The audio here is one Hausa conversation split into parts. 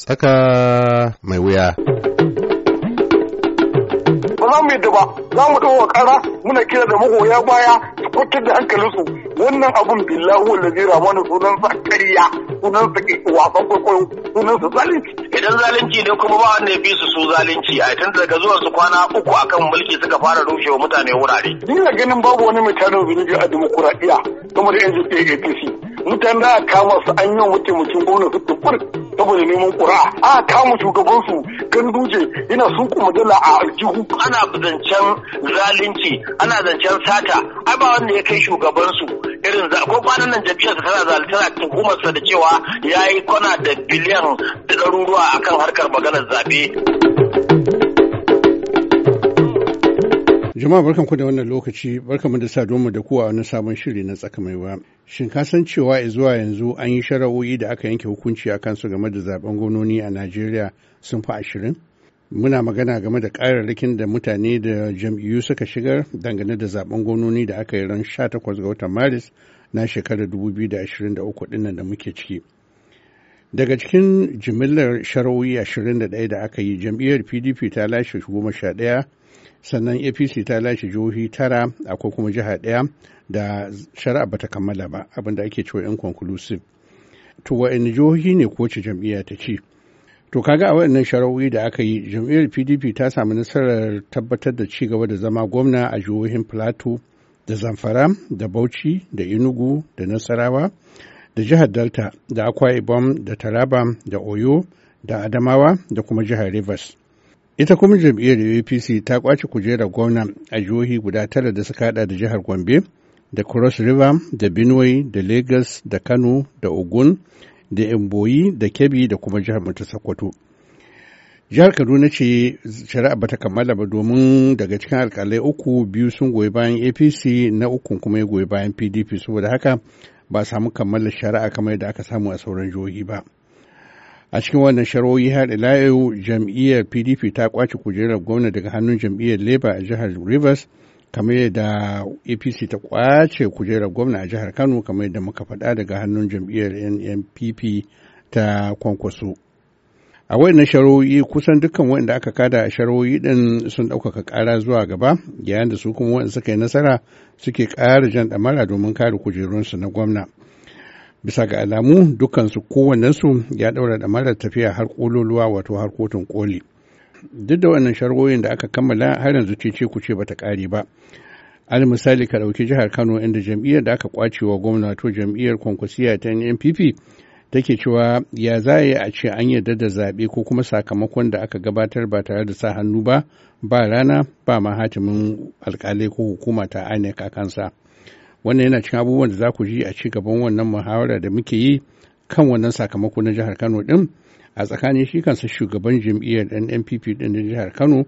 Tsaka mai wuya. Ba za mu yi ba, za mu ɗauka ƙara muna kira da magoya baya su kwatar da hankalinsu wannan abun billahi wallazi ramanu sunan sa ƙarya sunan sa wasan kwaikwayo sunan sa zalunci. Idan zalunci ne kuma ba wanda ya bi su su zalunci a tun daga zuwan su kwana uku akan mulki suka fara rushewa mutane wurare. Ina ganin babu wani mai tarin zunubi a dimokuraɗiyya kamar yanzu APC. Mutane da kama su an yi wa mataimakin gwamnati tukur saboda neman ƙura a kama shugabansu kan duje ina sun dala a aljihu ana zancen zalunci ana zancen sata ai ba wanda ya kai shugabansu irin za ko kwanan nan ta tana zalunta tuhumarsa da cewa yayi kwana da biliyan da ɗaruruwa akan harkar maganar zaɓe. Jama'a barkan ku da wannan lokaci mu da saduwa da ku a wani sabon shiri na tsaka mai ba. Shin ka san cewa zuwa yanzu an yi shara'o'i da aka yanke hukunci a kansu game da zaben gononi a Najeriya sun fi ashirin? Muna magana game da ƙararrakin da mutane da jam'iyyu suka shigar dangane da zaben gononi da aka yi ran 18 ga watan Maris na shekarar 2023 ɗinnan da muke ciki. Daga cikin jimillar shara'o'i 21 da aka yi jam'iyyar PDP ta lashe goma sha ɗaya sannan apc ta lashe jihohi tara akwai kuma jiha ɗaya da shari'a bata kammala ba abinda ake cewa inconclusive to in jihohi ne ko ce jam'iyya ta ci to kaga a waɗannan shari'o'i da aka yi jam'iyyar pdp ta samu nasarar tabbatar da ci gaba da zama gwamna a jihohin plateau da zamfara da bauchi da enugu da nasarawa da jihar delta da akwa ibom da taraba da oyo da adamawa da kuma jihar rivers ita kuma jam'iyyar apc ta kwace kujerar gwamna a jihohi guda tara da suka hada da jihar gombe da cross river da benue da lagos da kano da ogun da Imboyi da kebbi da kuma jihar mu ta jihar kaduna ce shari'a bata kammala ba domin daga cikin alkalai uku biyu sun goyi bayan apc na uku kuma ya goyi bayan pdp saboda haka ba samu kammala shari'a kamar yadda aka samu a sauran jihohi ba. a cikin wannan sharo'i har ila jam'iyyar pdp ta kwace kujerar gwamna daga hannun jam'iyyar labour a jihar rivers kamar yadda apc ta kwace kujerar gwamna a jihar kano kamar yadda muka faɗa daga hannun jam'iyyar nnpp ta kwankwaso a wayannan sharo'i kusan dukkan wayanda aka kada a sharo'i din sun ɗaukaka ƙara zuwa gaba yayin da su kuma wayanda suka yi nasara suke ƙara jan ɗamara domin kare kujerunsu na gwamna bisa ga alamu dukansu kowannensu ya daura da marar tafiya har kololuwa wato har kotun koli duk da wannan shargoyin da aka kammala har yanzu ce ku ce bata kare ba al misali ka dauki jihar Kano inda jam'iyyar da aka kwacewa wa gwamna wato jam'iyyar Kwankwasiya ta NPP take cewa ya za a a ce an yarda da zaɓe ko kuma sakamakon da aka gabatar ba tare da sa hannu ba ba rana ba ma hatimin alkalai ko hukuma ta ainihin a kansa. wannan yana cikin abubuwan da za ku ji a ci gaban wannan muhawara da muke yi kan wannan sakamako na jihar kano din a tsakanin shi kansa shugaban jam'iyyar NNPP din na jihar kano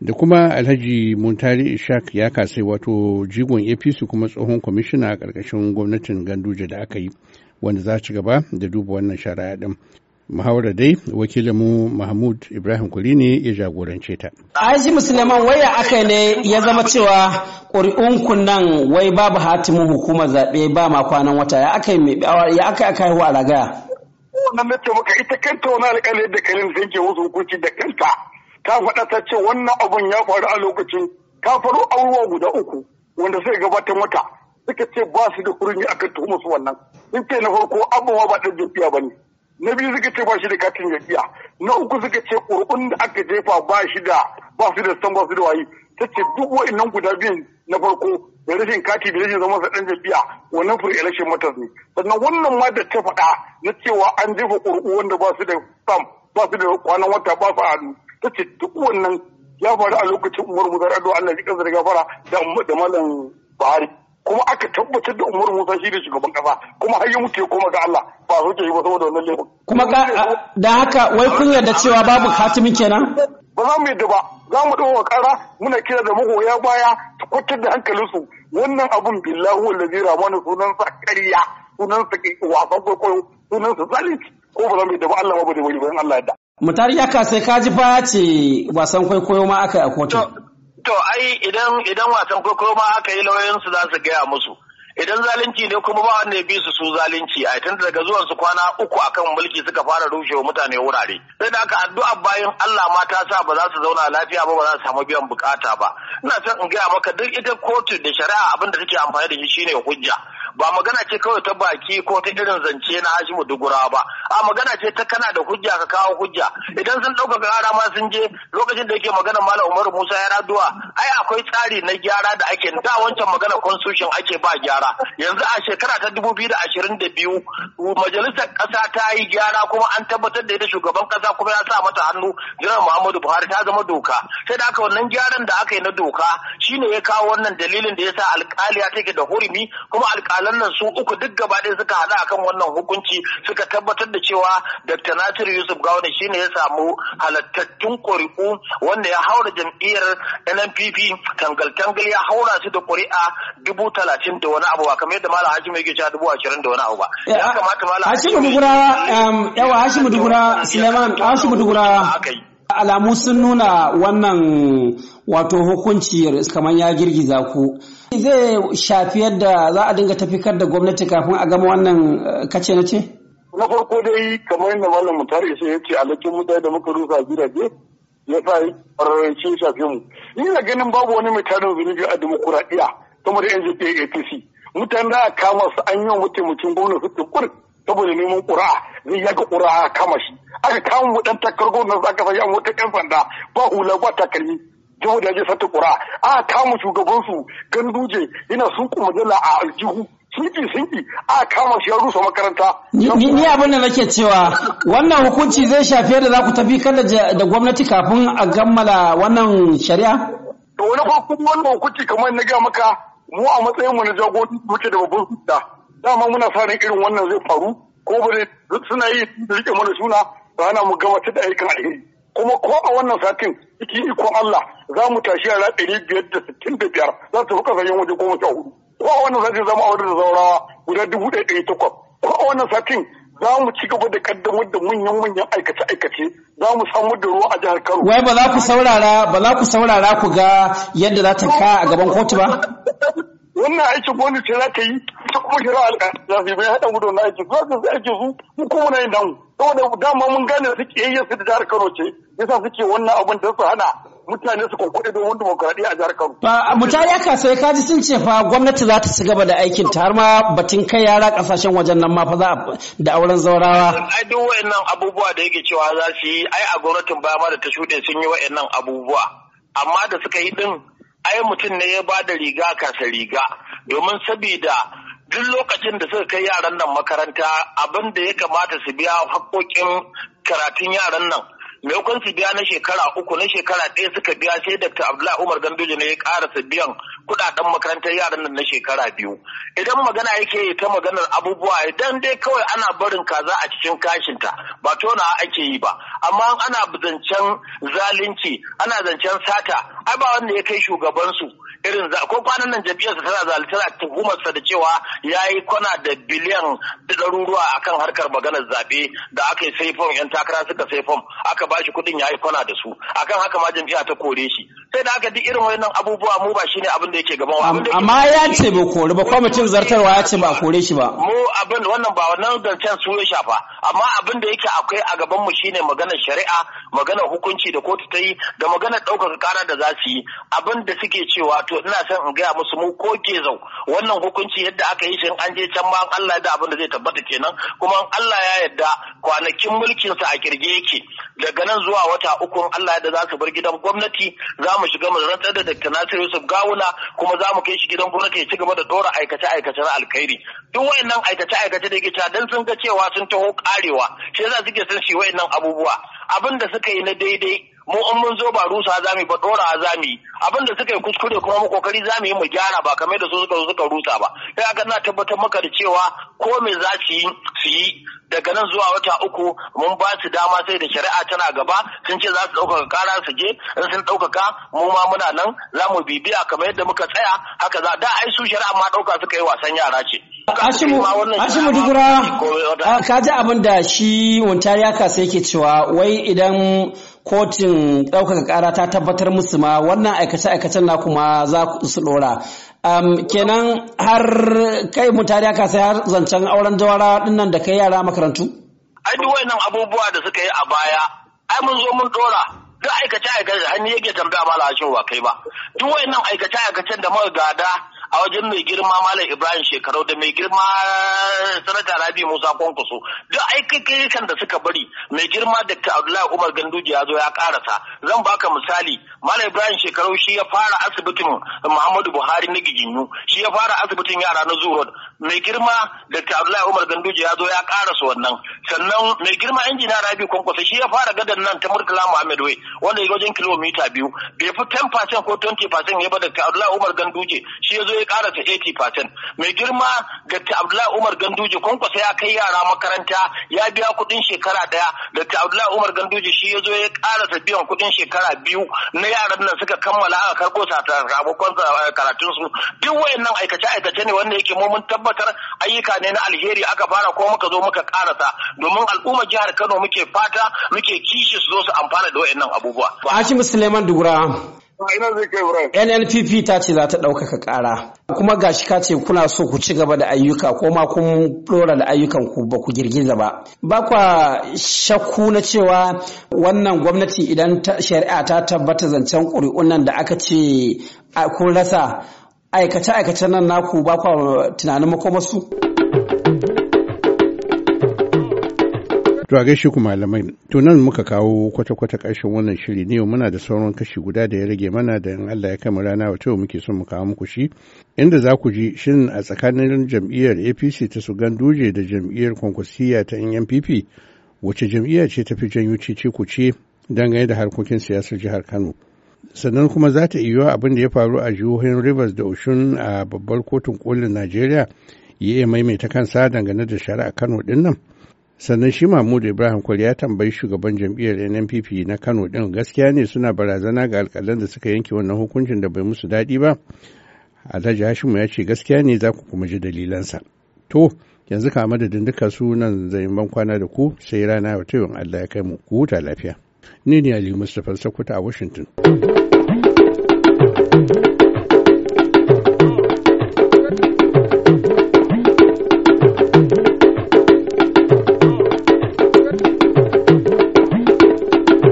da kuma alhaji muntari ishak ya kasai wato jigon apc kuma tsohon kwamishina a ƙarƙashin gwamnatin ganduje da aka yi wanda za ci gaba da duba wannan shari'a din Muhawara dai wakilinmu Mahmud Ibrahim Kuli ne ya jagorance ta. Aishimu Suleiman waya aka ne ya zama cewa ƙuri'un nan wai babu hatimin hukumar zaɓe ba ma kwanan wata ya aka yi aka aka haihu a ragaya. Wannan na maka ita kanta wani alƙali da kalin sun wasu hukunci da kanta ta faɗa ta ce wannan abun ya faru a lokacin ta faru abubuwa guda uku wanda sai gabatar mata suka ce ba su da kurmi akan tuhumar su wannan. Sun ce na farko abubuwa ba ɗan jafiya ba ne. na biyu suka ce ba shi da katin jam'iyya na uku suka ce ƙuri'un da aka jefa ba shi da ba su da san ba su da wayi ta ce duk wa'annan guda biyun na farko da rashin kati da rashin zama sadan jabiya wannan free election matters ne sannan wannan ma da ta faɗa na cewa an jefa ƙuri'u wanda ba su da sam ba su da kwanan wata ba su hannu ta ce duk wannan ya faru a lokacin umar muzar ado Allah ya kansa da gafara da malam Buhari kuma aka tabbatar da Umar Musa shi ne shugaban kasa kuma har yi mutu ya koma ga Allah ba ke yi ba saboda wannan laifin. Kuma da haka wai kun yarda cewa babu hatimin kenan? Ba za mu yadda ba za mu ɗaukar ƙara muna kira da magoya baya su kwatar da hankalinsu wannan abun billahi wallazi sunan sa ƙarya sunansa wasan kwaikwayo sa zalunci ko ba za mu yadda ba Allah ba ba da wani in Allah yadda. Mutar ka sai ka ji fa ce wasan kwaikwayo ma aka yi a kotu. to ai idan idan wasan kwaikwayo ma aka yi lauyoyinsu za su gaya musu idan zalunci ne kuma ba wanda ya bi su su zalunci a tun daga zuwan su kwana uku akan mulki suka fara rushewa mutane wurare sai da aka addu'a bayan Allah ma ta sa ba za su zauna lafiya ba ba za su samu biyan bukata ba ina son in gaya maka duk ita kotu da shari'a abin da take amfani da shi shine hujja ba magana ce kawai ta baki ko ta irin zance na Hashimu Dugura ba a magana ce ta kana da hujja ka kawo hujja idan sun ɗauka gara ma sun je lokacin da yake magana Malam Umaru Musa ya raduwa ai akwai tsari na gyara da ake da wancan magana constitution ake ba gyara yanzu a shekara ta dubu biyu da ashirin da biyu majalisar ƙasa ta yi gyara kuma an tabbatar da ita shugaban ƙasa kuma ya sa mata hannu jiran Muhammadu Buhari ta zama doka sai da aka wannan gyaran da aka yi na doka shine ya kawo wannan dalilin da ya sa alƙaliya take da hurumi kuma alkali alƙalan nan su uku duk gaba ɗaya suka haɗu akan wannan hukunci suka tabbatar da cewa Dr. Nasiru Yusuf Gawuna shine ya samu halattattun ƙuri'u wanda ya haura jam'iyyar NNPP tangal-tangal ya haura su da ƙuri'a dubu talatin da wani abu ba kamar yadda Malam Hashimu yake cewa dubu ashirin da wani abu ba. Ya eh, kamata Malam Hashimu Dugura yawa Hashimu Dugura Suleiman Hashimu Dugura. Alamu sun nuna wannan wato hukunci kamar ya girgiza ku. zai shafi yadda za a dinga tafikar da gwamnati kafin a gama wannan eh, kace na ce? Na farko dai kamar yadda Malam Mutar Isa ya ce alakin mutane da muka rusa gidaje ya sa ƙwararrance ya shafi mu. Ni na ganin babu wani mai tarin zunubi a demokuraɗiyya kamar da NJP APC. Mutane da kama su an yi wa mataimakin gwamna su tukur saboda neman ƙura'a zai yaga ƙura'a kama shi. Aka kama mu ɗan takar gwamna za ka sai a wata ƴan fanda ba hula ba takalmi. jihu da ya sata kura a kama shugabansu ganduje yana sun kuma jala a aljihu sunki sunki a kama shi ya rusa makaranta. Ni abin da nake cewa wannan hukunci zai shafi da za ku tafi kada da gwamnati kafin a gammala wannan shari'a? Da wani kuma wannan hukunci kamar na ga maka mu a matsayin mu na jagoranci muke da babban hudda. Dama muna sa ran irin wannan zai faru ko ba suna yi rike mana suna rana mu gama ta da ayyukan alheri. kuma ko a wannan satin cikin ikon Allah za mu tashi yara ɗari biyar da biyar za su fi kasan waje goma sha hudu ko a wannan satin za mu da zaurawa guda dubu ɗaya ɗaya takwas ko a wannan satin za mu ci gaba da kaddamar da manyan-manyan aikace-aikace za mu samu da ruwa a jihar Kano. Wai ba za ku saurara ba za ku saurara ku ga yadda za ta kaya a gaban kotu ba? wannan aikin gwamnati za ta yi ta kuma shirar alƙalai za su yi bai haɗa mu da wannan aikin za su aiki su hukumar yin damu saboda dama mun gane suke yi su da jihar Kano ce yasa suke wannan abin da su hana mutane su kwakwade domin demokaradiyya a jihar Kano. Ba mutane aka sai kaji sun ce fa gwamnati za ta ci gaba da aikin ta har ma batun kai yara kasashen wajen nan ma fa za da auren zaurawa. Ai duk wayannan abubuwa da yake cewa za su yi ai a gwamnatin ba ma da ta shuɗe sun yi wayannan abubuwa amma da suka yi ɗin ai mutum ne ya ba da riga kasa riga domin sabida duk lokacin da suka kai yaran nan makaranta abin da ya kamata su biya haƙoƙin karatun yaran nan maimakon su biya na shekara uku na shekara ɗaya suka biya sai dr abdullahi umar gandoji ne ya su biyan kuɗaɗen makarantar yaran nan na shekara biyu idan magana yake yi ta maganar abubuwa idan dai kawai ana barin kaza a cikin kashinta ba tona ake yi ba amma ana zancen zalunci ana zancen sata ai ba wanda ya kai shugabansu irin za ko kwanan nan su tana zalitar a sa da cewa ya yi kwana da biliyan ɗaruruwa akan harkar maganar zaɓe da aka yi sai fom yan takara suka sai fom aka ba shi kuɗin ya yi kwana da su akan haka ma jami'a ta kore shi sai da aka duk irin wannan abubuwa mu ba shine abin da yake gaban wa amma ya ce ba kore ba kwamitin zartarwa ya ce ba kore shi ba mu abin wannan ba wannan zancen su ya shafa amma abin da yake akwai a gaban mu shine maganar shari'a maganar hukunci da kotu ta yi da maganar ɗaukar kara da za su yi abin da suke cewa to ina son in gaya musu mu ko ke zau wannan hukunci yadda aka yi shi an je can ma Allah da abin da zai tabbata kenan kuma Allah ya yarda kwanakin mulkin sa a kirge yake daga nan zuwa wata uku Allah ya da za su bar gidan gwamnati za mu shiga mu rantsar da Dr. Nasir Yusuf Gawuna kuma za mu kai shi gidan gwamnati ya cigaba da dora aikace aikace na alkhairi duk wayannan aikace aikace da yake cewa dan sun ga cewa sun taho karewa shi yasa suke son shi wayannan abubuwa abin da suka yi na daidai mu in mun zo ba rusa za mu ba dora za mu abin da suka yi kuskure kuma mu kokari za mu yi mu gyara ba kamar da su suka suka rusa ba sai aka na tabbatar maka da cewa ko me za su su yi daga nan zuwa wata uku mun ba su dama sai da shari'a tana gaba sun ce za su ɗaukaka kara su je in sun ɗaukaka mu ma muna nan za mu bibiya kamar yadda muka tsaya haka za da ai su shari'a ma ɗauka suka yi wasan yara ce. Ashimu Dugura ka ji abin da shi Wuntari Yaka sai yake cewa wai idan Kotin ɗaukaka ƙara ta tabbatar musu ma wannan aikace-aikacen na kuma za su ɗora. kenan har kai mutane aka sai har zancen auren jawara dinnan da kai yara makarantu? Ai duk wayannan abubuwa da suka yi a baya, ai mun zo mun ɗora. Duk aikace aikacen da hannu yake tambaya ba la ba kai ba. Duk wayannan aikace-aikacen da muka gada a wajen mai girma malam ibrahim shekarau da mai girma sanata rabi musa kwankwaso duk aikakan da suka bari mai girma da abdullahi umar ganduji ya zo ya karasa zan baka misali malam ibrahim shekarau shi ya fara asibitin muhammadu buhari na giginyu shi ya fara asibitin yara na zuwa mai girma da abdullahi umar ganduji ya zo ya karasa wannan sannan mai girma injina rabi kwankwaso shi ya fara gadan nan ta murtala muhammad wai wanda ya wajen kilomita biyu bai fi 10% ko 20% ya ba da abdullahi umar ganduji shi ya zo ya ƙara ta 80%. Mai girma ga ta Abdullahi Umar Ganduje kwankwasa ya kai yara makaranta ya biya kuɗin shekara ɗaya da ta Abdullahi Umar Ganduje shi ya zo ya kara ta biyan kuɗin shekara biyu na yaran nan suka kammala aka karɓo sakamakon eh, karatunsu. Duk wayannan aikace-aikace ne wanda yake mun tabbatar ayyuka ne na alheri aka fara ko muka zo muka ƙarasa domin al'ummar jihar Kano muke fata muke kishi su zo su amfana da wayannan abubuwa. Hashim Suleiman Dugura NNPP ta ce za ta ɗaukaka ƙara kuma gashi ka ce kuna so ku ci gaba da ayyuka ko ma kun ɗora da ayyukan ku ba ku girgiza ba. Ba kwa shakku na cewa wannan gwamnati idan shari'a ta tabbata zancen ƙuri'un nan da aka ce kun rasa aikace aikace nan naku ba kwa tunanin makomarsu? To a gaishe ku malamai, tunan muka kawo kwata-kwata ƙarshen wannan shiri ne muna da sauran kashi guda da ya rage mana da in Allah ya kama rana yau muke son mu kawo muku shi inda za ku ji shin a tsakanin jam'iyyar APC ta su ganduje da jam'iyyar Kwankwasiya ta NNPP wacce jam'iyya ce ta fi janyo cece ku ce dangane da harkokin siyasar jihar Kano. Sannan kuma za ta iya abin da ya faru a jihohin Rivers da Oshun a babbar kotun kolin Najeriya ya maimaita kansa dangane da shari'a Kano din nan. sannan shi mahmud ibrahim kwal ya tambayi shugaban jam'iyyar nnpp na kano din gaskiya ne suna barazana ga alkalan da suka yanke wannan hukuncin da bai musu daɗi ba alhaji hashimu ya ce gaskiya ne za ku kuma ji dalilansa to yanzu ka madadin duka sunan zayin kwana da ku sai rana yau allah ya kai mu ku huta lafiya ni ne ali mustapha sakuta a washington